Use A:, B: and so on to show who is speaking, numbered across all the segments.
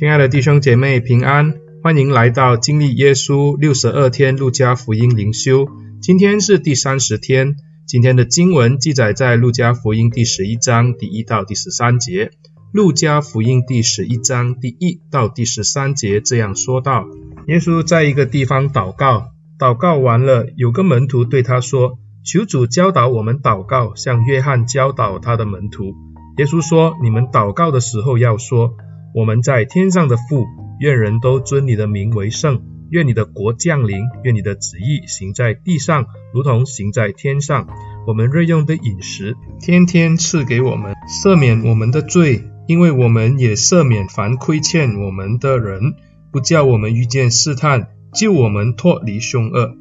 A: 親愛的弟兄姐妹平安，歡迎來到經歷耶穌六十二天路加福音靈修。今天是第三十天，今天的經文記載在路加福音第十一章第一到第十三節。路加福音第十一章第一到第十三節這樣說道：耶穌在一個地方禱告，禱告完了，有個門徒對他說：“求主教導我們禱告，像約翰教導他的門徒。”耶穌說：“你們禱告的時候要說。”我們在天上的父，願人都尊你的名為聖。願你的國降臨。願你的旨意行在地上，如同行在天上。我們日用的飲食，天天賜給我們，赦免我們的罪，因為我們也赦免凡虧欠我們的人，不叫我們遇見試探，救我們脫離兇惡。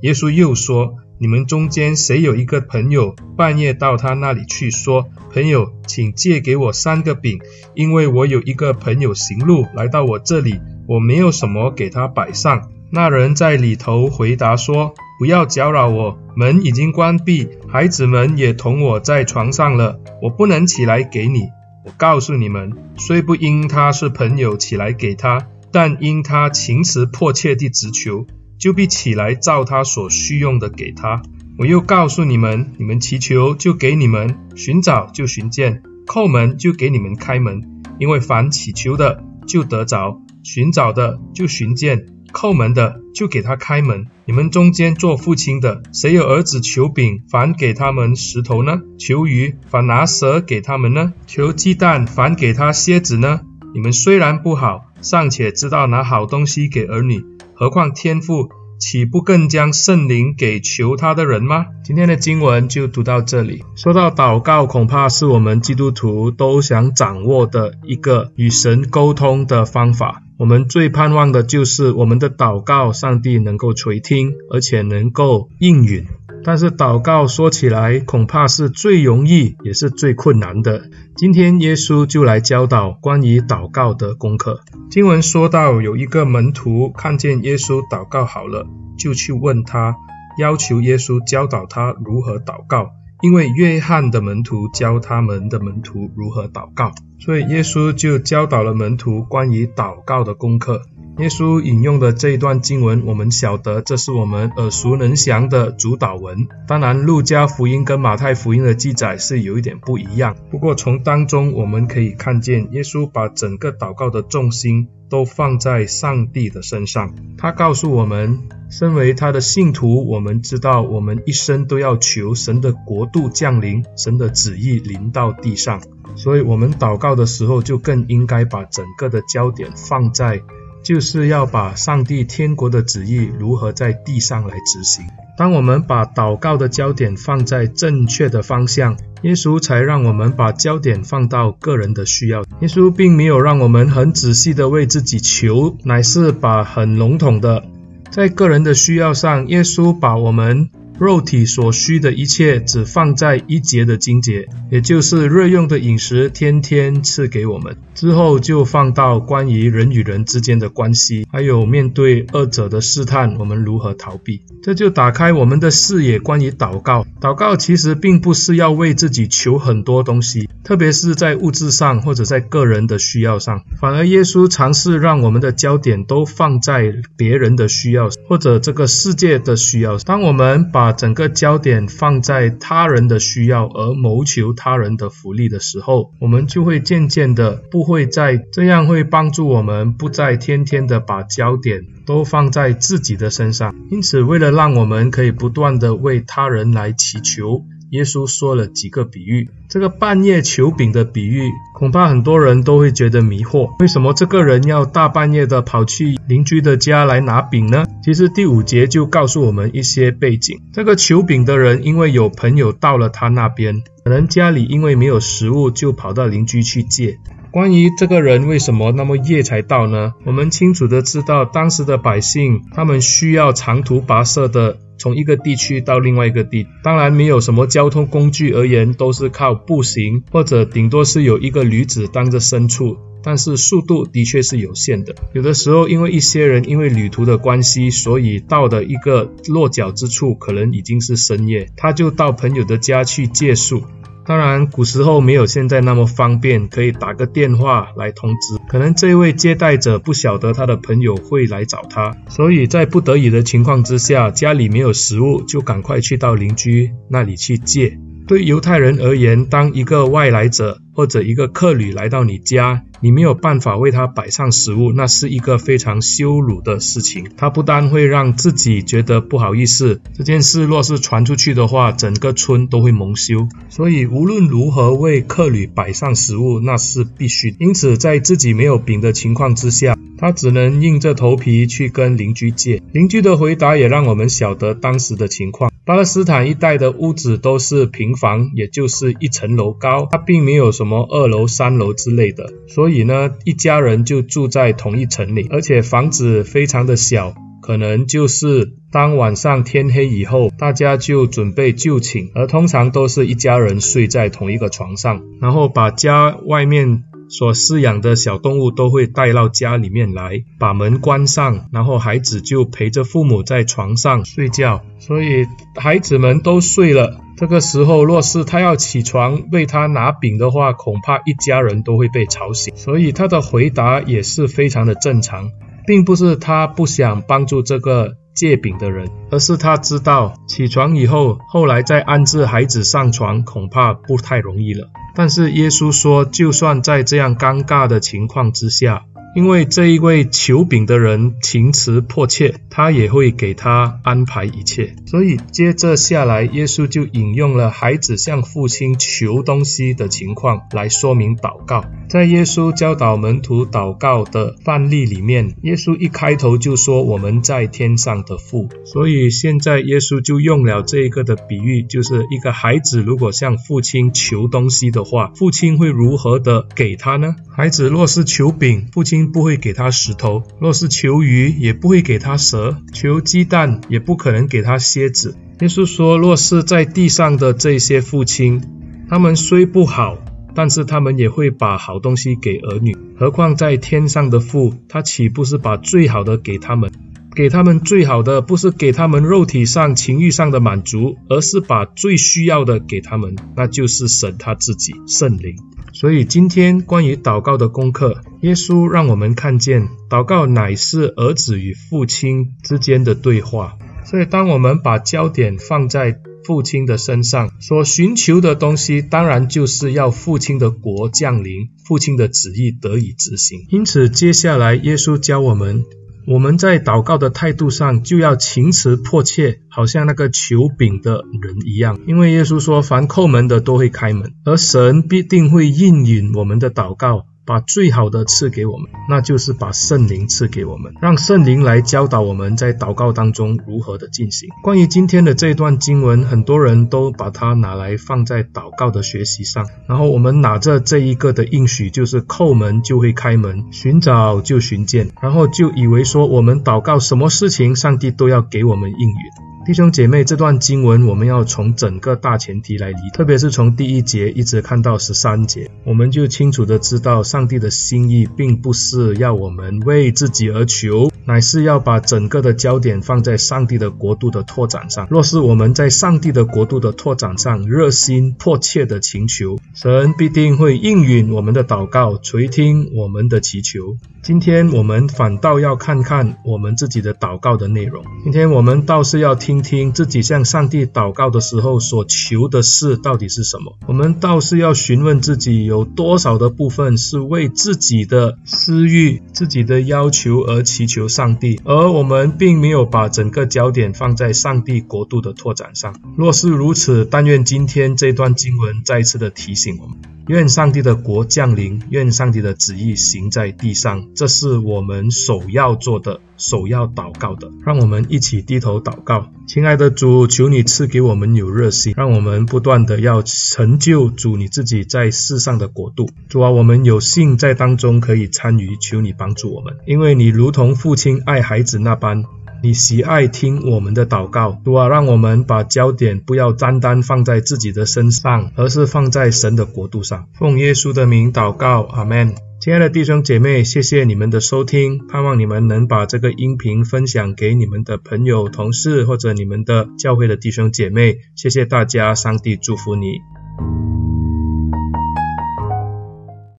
A: 耶穌又說：你們中間誰有一個朋友，半夜到他那裡去，說：“朋友，請借給我三個餅，因為我有一個朋友行路來到我這裡，我沒有什麼給他擺上。”那人在裡頭回答說：“不要攪擾我，門已經關閉，孩子們也同我在床上了，我不能起來給你。”我告訴你們，雖不因他是朋友起來給他，但因他情詞迫切地直求。就必起來照他所需用的給他。我又告訴你們：你們祈求，就給你們；尋找，就尋見；叩門，就給你們開門。因為凡祈求的，就得着；尋找的，就尋見；叩門的，就給他開門。你們中間做父親的，誰有兒子求餅，反給他們石頭呢？求魚，反拿蛇給他們呢？求雞蛋，反給他蠍子呢？你們雖然不好，尚且知道拿好東西給兒女。何況天父豈不更將聖靈給求他的人嗎？今天的經文就讀到這裡。說到禱告，恐怕是我們基督徒都想掌握的一個與神溝通的方法。我們最盼望的就是我們的禱告，上帝能夠垂聽，而且能夠應允。但是禱告說起來恐怕是最容易也是最困難的。今天耶穌就來教導關於禱告的功課。經文說到有一個門徒看見耶穌禱告好了，就去問他，要求耶穌教導他如何禱告。因為約翰的門徒教他們的門徒如何禱告，所以耶穌就教導了門徒關於禱告的功課。耶穌引用的這一段經文，我們曉得這是我們耳熟能詳的主禱文。當然，路加福音跟馬太福音的記載是有一點不一樣。不過，從當中我們可以看見，耶穌把整個禱告的重心都放在上帝的身上。他告訴我們，身為他的信徒，我們知道我們一生都要求神的國度降臨，神的旨意臨到地上。所以，我們禱告的時候，就更應該把整個的焦點放在。就是要把上帝天國的旨意如何在地上來執行。當我們把禱告的焦點放在正確的方向，耶穌才讓我們把焦點放到個人的需要。耶穌並沒有讓我們很仔細的為自己求，乃是把很籠統的在個人的需要上，耶穌把我們。肉體所需的一切只放在一節的經節，也就是日用的飲食，天天賜給我們。之後就放到關於人與人之間的關係，還有面對惡者的試探，我們如何逃避？這就打開我們的視野。關於禱告，禱告其實並不是要為自己求很多東西，特別是在物質上或者在個人的需要上，反而耶穌嘗試讓我們的焦點都放在別人的需要或者這個世界的需要。當我們把把整個焦點放在他人的需要而謀求他人的福利的時候，我們就會漸漸的不會再，這樣會幫助我們不再天天的把焦點都放在自己的身上。因此，為了讓我們可以不斷的為他人來祈求。耶穌說了幾個比喻，這個半夜求餅的比喻，恐怕很多人都會覺得迷惑。為什麼這個人要大半夜的跑去鄰居的家來拿餅呢？其實第五節就告訴我們一些背景。這個求餅的人，因為有朋友到了他那邊，可能家裡因為沒有食物，就跑到鄰居去借。關於這個人為什麼那麼夜才到呢？我們清楚的知道，當時的百姓他們需要長途跋涉的。從一個地區到另外一個地，當然沒有什麼交通工具而言，都是靠步行，或者頂多是有一個驢子當着牲畜，但是速度的確是有限的。有的時候，因為一些人因為旅途的關係，所以到的一個落腳之處可能已經是深夜，他就到朋友的家去借宿。當然，古時候沒有現在那麼方便，可以打個電話來通知。可能這位接待者不曉得他的朋友會來找他，所以在不得已的情況之下，家裡沒有食物，就趕快去到鄰居那裡去借。對猶太人而言，當一個外來者或者一個客旅來到你家，你沒有辦法為他擺上食物，那是一個非常羞辱的事情。他不但會讓自己覺得不好意思，這件事若是傳出去的話，整個村都會蒙羞。所以無論如何為客旅擺上食物，那是必須的。因此，在自己沒有餅的情況之下，他只能硬着頭皮去跟鄰居借。鄰居的回答也讓我們曉得當時的情況：巴勒斯坦一帶的屋子都是平房，也就是一層樓高，它並沒有什麼二樓、三樓之類的，所以。所以呢，一家人就住在同一層裡，而且房子非常的小，可能就是當晚上天黑以後，大家就準備就寢，而通常都是一家人睡在同一個床上，然後把家外面所飼養的小動物都會帶到家裡面來，把門關上，然後孩子就陪着父母在床上睡覺，所以孩子們都睡了。這個時候，若是他要起床為他拿餅的話，恐怕一家人都會被吵醒。所以他的回答也是非常的正常，並不是他不想幫助這個借餅的人，而是他知道起床以後，後來再安置孩子上床恐怕不太容易了。但是耶穌說，就算在這樣尷尬的情況之下。因為這一位求餅的人情詞迫切，他也會給他安排一切。所以接着下來，耶穌就引用了孩子向父親求東西的情況來說明禱告。在耶穌教導門徒禱告的範例裡面，耶穌一開頭就說：“我們在天上的父。”所以現在耶穌就用了這一個的比喻，就是一個孩子如果向父親求東西的話，父親會如何的給他呢？孩子若是求餅，父親。不會給他石頭，若是求魚，也不會給他蛇；求雞蛋，也不可能給他蠍子。耶穌說，若是在地上的這些父親，他們雖不好，但是他們也會把好東西給兒女。何況在天上的父，他豈不是把最好的給他們？給他們最好的，不是給他們肉體上、情欲上的滿足，而是把最需要的給他們，那就是神他自己、聖靈。所以今天關於禱告的功課。耶穌讓我們看見，禱告乃是兒子與父親之間的對話。所以，當我們把焦點放在父親的身上，所尋求的東西，當然就是要父親的國降臨，父親的旨意得以執行。因此，接下來耶穌教我們，我們在禱告的態度上就要情詞迫切，好像那個求餅的人一樣。因為耶穌說，凡叩門的都會開門，而神必定會應允我們的禱告。把最好的賜給我們，那就是把聖靈賜給我們，讓聖靈來教導我們在禱告當中如何的進行。關於今天的這一段經文，很多人都把它拿來放在禱告的學習上，然後我們拿着這一個的應許，就是叩門就會開門，尋找就尋見，然後就以為說我們禱告什麼事情，上帝都要給我們應允。弟兄姐妹，這段經文我們要從整個大前提來理解，特別是從第一節一直看到十三節，我們就清楚的知道，上帝的心意並不是要我們為自己而求。乃是要把整個的焦點放在上帝的國度的拓展上。若是我們在上帝的國度的拓展上熱心迫切的祈求，神必定會應允我們的禱告，垂聽我們的祈求。今天我們反倒要看看我們自己的禱告的內容。今天我們倒是要聽聽自己向上帝禱告的時候所求的事到底是什麼。我們倒是要詢問自己有多少的部分是為自己的私欲、自己的要求而祈求。上帝，而我們並沒有把整個焦點放在上帝國度的拓展上。若是如此，但願今天這段經文再次的提醒我們。願上帝的國降臨，願上帝的旨意行在地上。這是我們首要做的、首要禱告的。讓我們一起低頭禱告，親愛的主，求你賜給我們有熱心，讓我們不斷的要成就主你自己在世上的國度。主啊，我們有幸在當中可以參與，求你幫助我們，因為你如同父親愛孩子那般。你喜愛聽我們的禱告，主啊，讓我們把焦點不要單單放在自己的身上，而是放在神的國度上。奉耶穌的名禱告，阿門。親愛的弟兄姐妹，謝謝你們的收聽，盼望你們能把這個音頻分享給你們的朋友、同事，或者你們的教會的弟兄姐妹。謝謝大家，上帝祝福你。